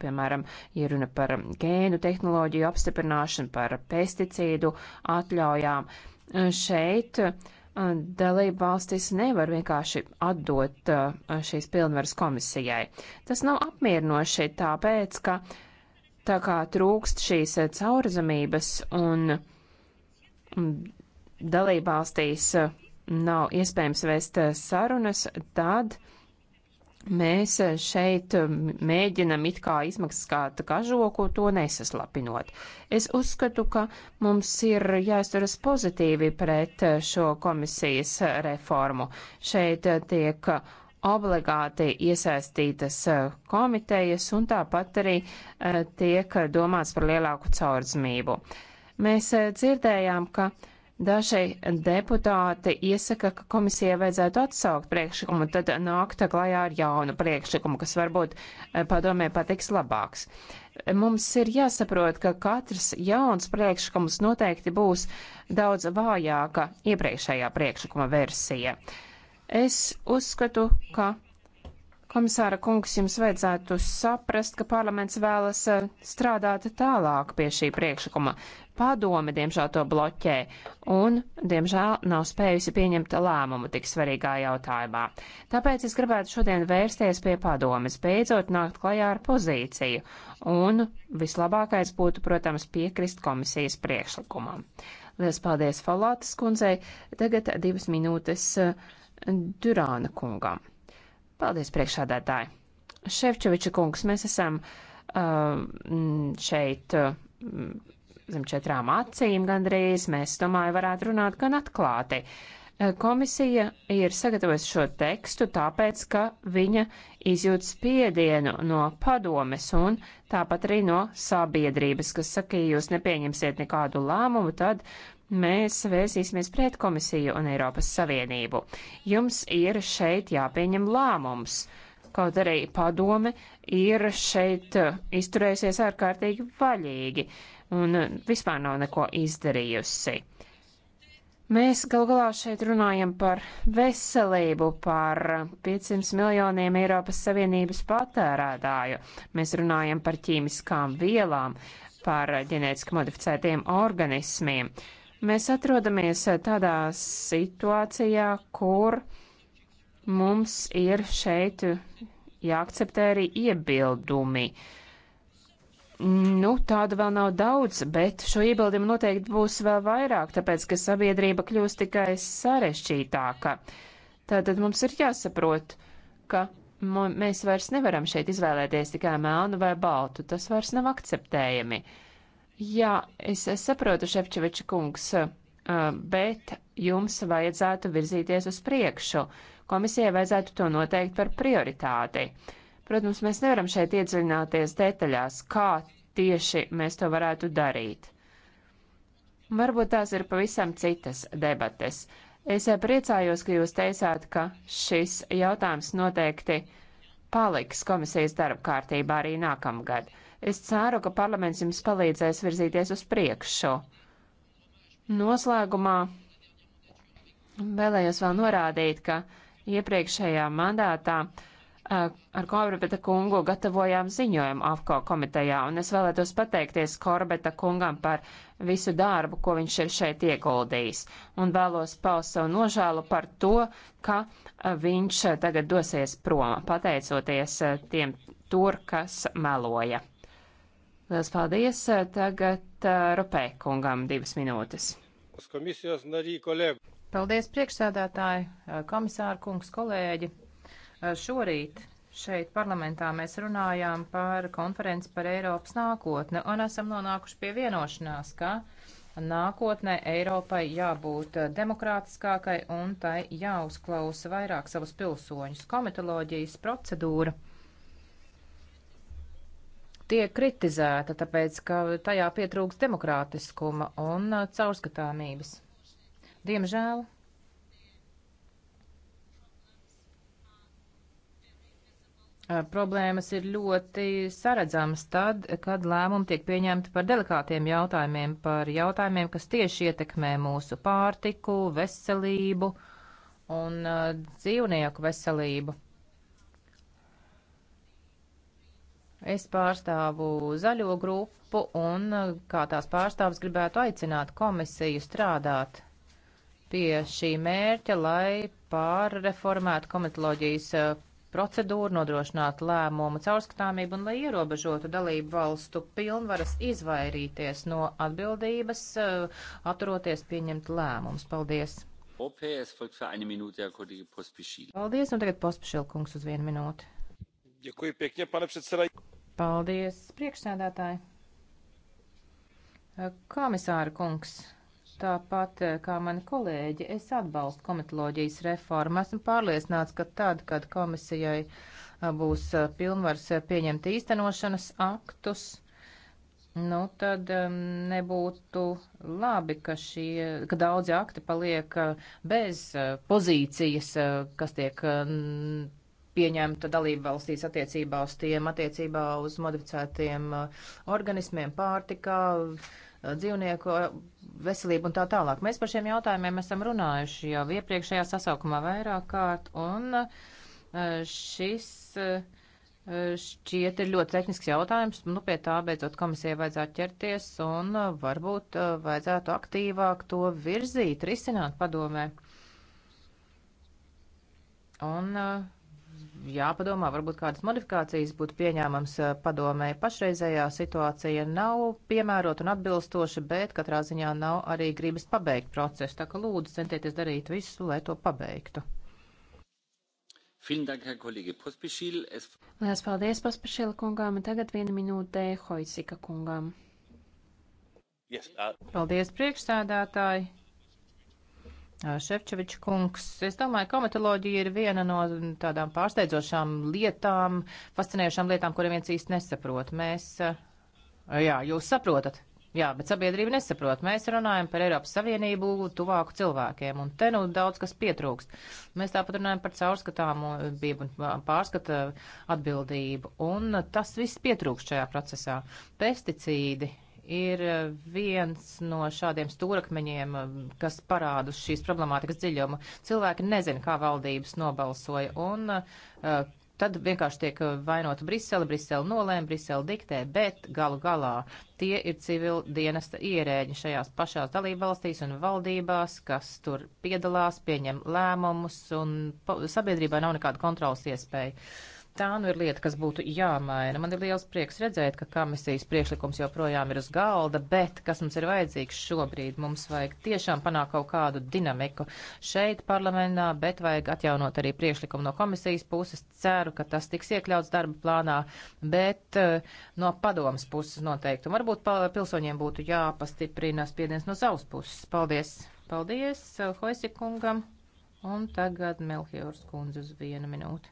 piemēram, ja runa par gēnu tehnoloģiju apstiprināšanu, par pesticīdu atļaujām. Eh, šeit eh, dalība valstis nevar vienkārši atdot eh, šīs pilnvaras komisijai. Tas nav apmierinoši tāpēc, ka tā kā trūkst šīs caurzemības un mm, dalība valstīs nav iespējams vēst sarunas, tad uh, Mēs eh, šeit eh, mēģinam it kā izmaksāt kažoku, to nesaslapinot. Es uzskatu, ka mums ir jāizturas pozitīvi pret eh, šo komisijas reformu. Šeit tiek obligāti iesaistītas komitejas un tāpat arī tiek domāts par lielāku caurdzmību. Mēs dzirdējām, ka Daži deputāti iesaka, ka komisijai vajadzētu atsaukt priekšlikumu, tad nākt klajā ar jaunu priekšlikumu, kas varbūt e, padomē patiks labāks. Mums ir jāsaprot, ka katrs jauns priekšlikums noteikti būs daudz vājāka iepriekšējā priekšlikuma versija. Es uzskatu, ka Komisāra kungs, jums vajadzētu saprast, ka parlaments vēlas eh, strādāt tālāk pie šī priekšlikuma. Padome, diemžēl, to bloķē un, diemžēl, nav spējusi pieņemt lēmumu tik svarīgā jautājumā. Tāpēc es gribētu šodien vērsties pie padomes, beidzot nākt klajā ar pozīciju, un vislabākais būtu, protams, piekrist komisijas priekšlikumam. Lielas paldies Falātas kundzei, tagad divas minūtes eh, Durāna kungam. Paldies, priekšādātāji! Šefčoviča kungs, mēs esam uh, šeit uh, zem četrām acīm gandrīz. Mēs, domāju, varētu runāt gan atklāti. Uh, komisija ir sagatavojusi šo tekstu tāpēc, ka viņa izjūt spiedienu no padomes un tāpat arī no sabiedrības, kas saka, ja jūs nepieņemsiet nekādu lēmumu, tad mēs vērsīsimies pret komisiju un Eiropas Savienību. Jums ir šeit jāpieņem lēmums. Kaut arī padome ir šeit eh, izturējusies ārkārtīgi vaļīgi un eh, vispār nav neko izdarījusi. Mēs gal galā šeit runājam par veselību, par 500 miljoniem Eiropas Savienības patērētāju. Mēs runājam par ķīmiskām vielām, par ģenētiski modificētiem organismiem. Uh, Mēs atrodamies eh, tādā situācijā, kur mums ir šeit jāakceptē arī iebildumi. Nu, tāda vēl nav daudz, bet šo iebildumu noteikti būs vēl vairāk, tāpēc, ka sabiedrība kļūst tikai sarežģītāka. Tātad mums ir jāsaprot, ka mēs vairs nevaram šeit izvēlēties tikai melnu vai baltu. Tas vairs nav akceptējami. Uh, Jā, es saprotu, Šepčeviča kungs, eh, bet jums vajadzētu virzīties uz priekšu. Komisijai vajadzētu to noteikt par prioritāti. Protams, mēs nevaram šeit iedziļināties detaļās, kā tieši mēs to varētu darīt. Varbūt tās ir pavisam citas debates. Es eh, priecājos, ka jūs teicāt, ka šis jautājums noteikti paliks komisijas darba kārtībā arī nākamgad. Es ceru, ka parlaments jums palīdzēs virzīties uz priekšu. Noslēgumā vēlējos vēl norādīt, ka iepriekšējā mandātā ar Korbeta kungu gatavojām ziņojumu AFCO komitejā, un es vēlētos pateikties Korbeta kungam par visu darbu, ko viņš ir šeit ieguldījis, un vēlos paust savu nožēlu par to, ka viņš tagad dosies prom, pateicoties tiem tur, kas meloja. Lielas paldies. Tagad eh, Ropē kungam divas minūtes. Paldies priekšsēdētāji, eh, komisāra kungs, kolēģi. Eh, šorīt šeit parlamentā mēs runājām par konferenci par Eiropas nākotni un esam nonākuši pie vienošanās, ka nākotnē Eiropai jābūt demokrātiskākai un tai jāuzklausa vairāk savus pilsoņus. Komitoloģijas procedūra tiek kritizēta, tāpēc, ka tajā pietrūks demokrātiskuma un uh, caurskatāmības. Diemžēl. Uh, problēmas ir ļoti saredzamas tad, kad lēmumi tiek pieņemti par delikātiem jautājumiem, par jautājumiem, kas tieši ietekmē mūsu pārtiku, veselību un uh, dzīvnieku veselību. Es pārstāvu zaļo grupu un eh, kā tās pārstāvs gribētu aicināt komisiju strādāt pie šī mērķa, lai pārreformētu komitoloģijas eh, procedūru, nodrošinātu lēmumu caurskatāmību un lai ierobežotu dalību valstu pilnvaras izvairīties no atbildības, eh, atturoties pieņemt lēmumus. Paldies! Paldies, un tagad pospišilkungs uz vienu minūti. Děkuji pěkně, pane předsedající. Paldies, priekšsēdētāji. Eh, komisāra kungs, tāpat eh, kā mani kolēģi, es atbalstu komitoloģijas reformu. Esmu pārliecināts, ka tad, kad komisijai eh, būs pilnvars pieņemt īstenošanas aktus, Nu, tad um, nebūtu labi, ka, šie, ka daudzi akti paliek uh, bez uh, pozīcijas, uh, kas tiek uh, pieņemta dalība valstīs attiecībā uz tiem, attiecībā uz modificētiem uh, organismiem, pārtikā, uh, dzīvnieku uh, veselību un tā tālāk. Mēs par šiem jautājumiem esam runājuši jau iepriekšējā sasaukumā vairāk kārt, un šis šķiet ir ļoti tehnisks jautājums. Nu, pie tā beidzot komisijai vajadzētu ķerties un varbūt vajadzētu aktīvāk to virzīt, risināt padomē. Un uh, jāpadomā, varbūt kādas modifikācijas būtu pieņēmams eh, padomē. Pašreizējā situācija nav piemērota un atbilstoša, bet katrā ziņā nav arī gribas pabeigt procesu. Tā ka lūdzu centieties darīt visu, lai to pabeigtu. Lielas paldies Pospišila kungām, un tagad viena minūte Hoisika kungām. Yes, uh... Paldies priekšsēdētāji! Šefčovičs kungs, es domāju, komatoloģija ir viena no tādām pārsteidzošām lietām, fascinējošām lietām, kuriem viens īsti nesaprot. Mēs, jā, jūs saprotat, jā, bet sabiedrība nesaprot. Mēs runājam par Eiropas Savienību tuvāku cilvēkiem, un te nu daudz kas pietrūkst. Mēs tāpat runājam par caurskatāmību un pārskata atbildību, un tas viss pietrūkst šajā procesā. Pesticīdi, ir eh, viens no šādiem stūrakmeņiem, eh, kas parāda šīs problemātikas dziļumu. Cilvēki nezina, kā valdības nobalsoja, un uh, tad vienkārši tiek vainota Brisele, Brisele nolēma, Brisele diktē, bet galu galā tie ir civil dienesta ierēģi šajās pašās dalībvalstīs un valdībās, kas tur piedalās, pieņem lēmumus, un sabiedrībā nav nekāda kontrolas iespēja. Uh, Tā nu ir lieta, kas būtu jāmaina. Man ir liels prieks redzēt, ka komisijas priekšlikums joprojām ir uz galda, bet kas mums ir vajadzīgs šobrīd? Mums vajag tiešām panākt kaut kādu dinamiku šeit parlamentā, bet vajag atjaunot arī priekšlikumu no komisijas puses. Ceru, ka tas tiks iekļauts darba plānā, bet uh, no padomas puses noteikti. Un varbūt pilsoņiem būtu jāpastiprina spiediens no savas puses. Paldies! Paldies uh, Hoisikungam! Un tagad Melchiors kundze uz vienu minūti.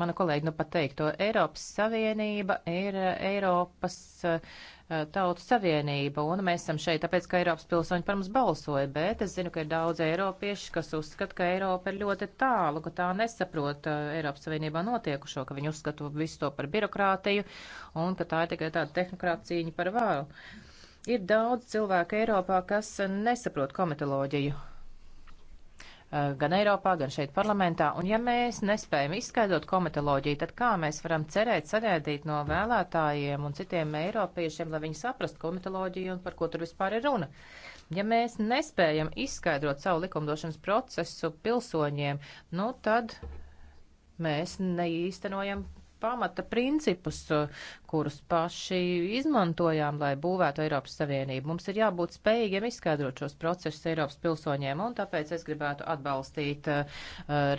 mana kolēģi nu pateikto, Eiropas Savienība ir eh, Eiropas eh, tautu savienība, un mēs esam šeit, tāpēc, ka Eiropas pilsoņi par mums balsoja, bet es zinu, ka ir daudz eiropieši, kas uzskata, ka Eiropa ir ļoti tālu, ka tā nesaprot eh, Eiropas Savienībā notiekušo, ka viņi uzskata visu to par birokrātiju, un ka tā ir tikai tāda tehnokrāta cīņa par vāru. Ir daudz cilvēku Eiropā, kas nesaprot komitoloģiju, Eh, gan Eiropā, gan šeit parlamentā. Un ja mēs nespējam izskaidrot komitoloģiju, tad kā mēs varam cerēt sagaidīt no vēlētājiem un citiem eiropiešiem, lai viņi saprastu komitoloģiju un par ko tur vispār ir runa? Ja mēs nespējam izskaidrot savu likumdošanas procesu pilsoņiem, nu tad mēs neīstenojam pamata principus, kurus paši izmantojām, lai būvētu Eiropas Savienību. Mums ir jābūt spējīgiem izskaidrot šos procesus Eiropas pilsoņiem, un tāpēc es gribētu atbalstīt uh,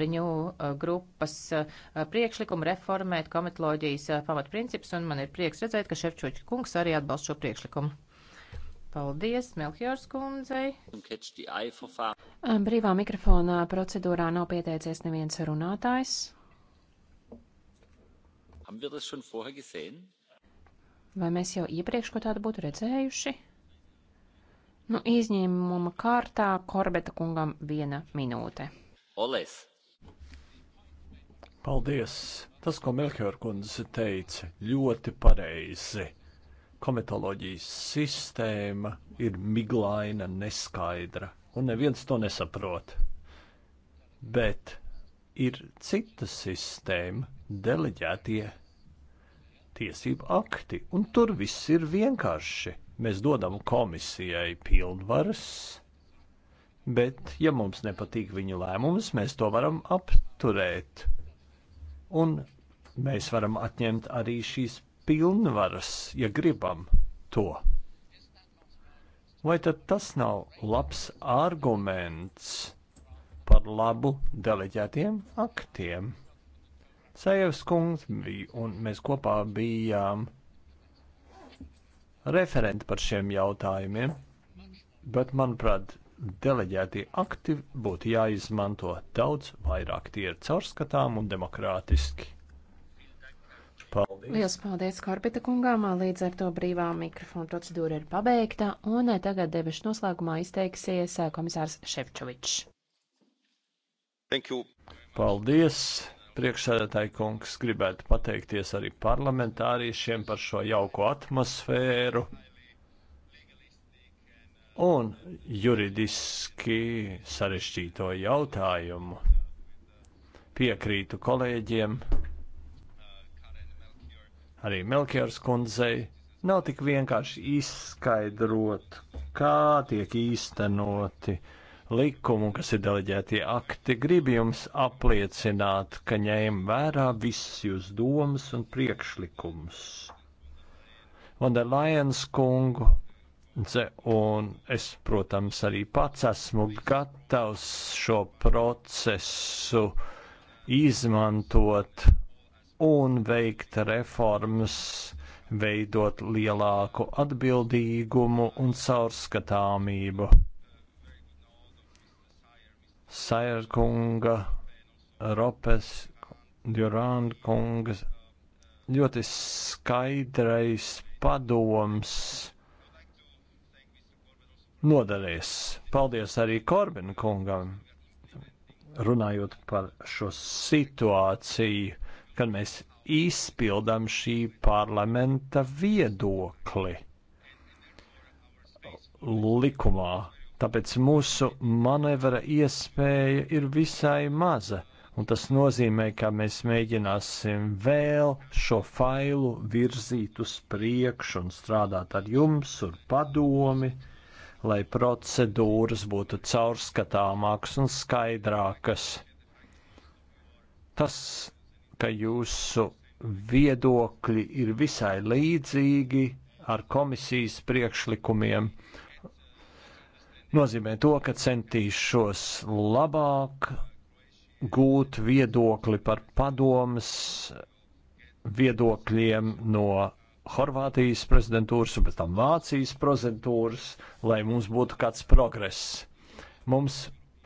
riņu uh, grupas uh, priekšlikumu reformēt komitoloģijas uh, pamatprincipus, un man ir prieks redzēt, ka Šefčoķa kungs arī atbalst šo priekšlikumu. Paldies, Melkjors kundzei. Brīvā mikrofonā procedūrā nav pieteicies neviens runātājs. Vai mēs jau iepriekš ko tādu būtu redzējuši? Nu, izņēmuma kārtā Korbeta kungam viena minūte. Oles. Paldies! Tas, ko Melkjor kundze teica, ļoti pareizi. Kometoloģijas sistēma ir miglaina, neskaidra, un neviens to nesaprot. Bet ir cita sistēma, deleģētie tiesību akti, un tur viss ir vienkārši. Mēs dodam komisijai pilnvaras, bet, ja mums nepatīk viņu lēmums, mēs to varam apturēt. Un mēs varam atņemt arī šīs pilnvaras, ja gribam to. Vai tad tas nav labs arguments par labu deleģētiem aktiem? Sajevs kungs bija, un mēs kopā bijām referenti par šiem jautājumiem, bet, manuprāt, deleģētie akti būtu jāizmanto daudz vairāk. Tie ir caurskatām un demokrātiski. Paldies! Lielas paldies Korbita kungām! Līdz ar to brīvā mikrofona procedūra ir pabeigta, un tagad debešu noslēgumā izteiksies eh, komisārs Ševčovičs. Paldies! Priekšsēdētāji kungs gribētu pateikties arī parlamentāriešiem par šo jauko atmosfēru. Un juridiski sarežģīto jautājumu piekrītu kolēģiem, arī Melkjārs kundzei. Nav tik vienkārši izskaidrot, kā tiek īstenoti uh, likumu, kas ir deleģētie akti, grib jums apliecināt, ka ņēm vērā visas jūs domas un priekšlikums. Vanderlajens kungu, un es, protams, arī pats esmu gatavs šo procesu izmantot un veikt reformas, veidot lielāku atbildīgumu un caurskatāmību Sairkunga, Ropes, Jurāna kungas ļoti skaidrais padoms noderēs. Paldies arī Korbina kungam, runājot par šo situāciju, kad mēs izpildām šī parlamenta viedokli likumā, Tāpēc mūsu manevra iespēja ir visai maza, un tas nozīmē, ka mēs mēģināsim vēl šo failu virzīt uz priekšu un strādāt ar jums un padomi, lai procedūras būtu caurskatāmākas un skaidrākas. Tas, ka jūsu viedokļi ir visai līdzīgi ar komisijas priekšlikumiem, nozīmē to, ka centīšos labāk gūt viedokli par padomas viedokļiem no Horvātijas prezidentūras un pēc tam Vācijas prezidentūras, lai mums būtu kāds progress. Mums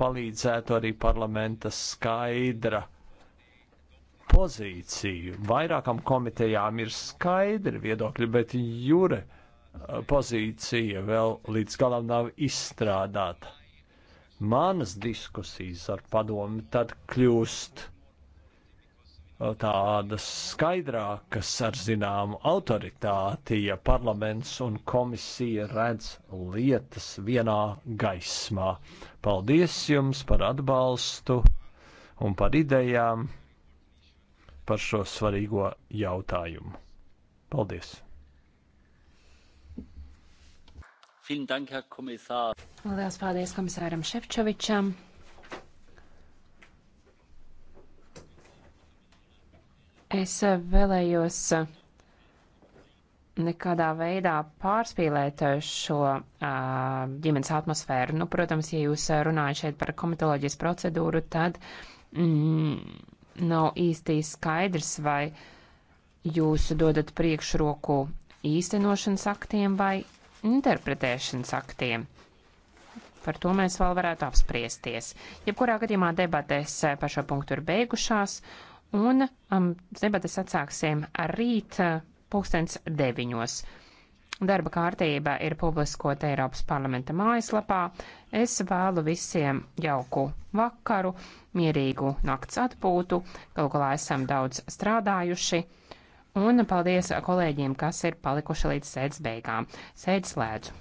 palīdzētu arī parlamenta skaidra pozīciju. Vairākām komitejām ir skaidri viedokļi, bet jure pozīcija vēl līdz galam nav izstrādāta. Manas diskusijas ar padomu tad kļūst tādas skaidrākas ar zināmu autoritāti, ja parlaments un komisija redz lietas vienā gaismā. Paldies jums par atbalstu un par idejām par šo svarīgo jautājumu. Paldies! Lielas paldies komisāram Šefčovičam. Es eh, vēlējos eh, nekādā veidā pārspīlēt eh, šo ģimenes atmosfēru. Nu, protams, ja jūs runājat šeit par komitoloģijas procedūru, tad mm, nav īsti skaidrs, vai jūs dodat priekšroku īstenošanas aktiem vai interpretēšanas aktiem. Par to mēs vēl varētu apspriesties. Jebkurā gadījumā debates eh, par šo punktu ir beigušās, un um, debates atsāksim rīt eh, pulkstens deviņos. Darba kārtība ir publiskota Eiropas parlamenta mājaslapā. Es vēlu visiem jauku vakaru, mierīgu nakts atpūtu, galu galā esam daudz strādājuši. Un paldies kolēģiem, kas ir palikuši līdz sēdes beigām. Sēdes slēdzu.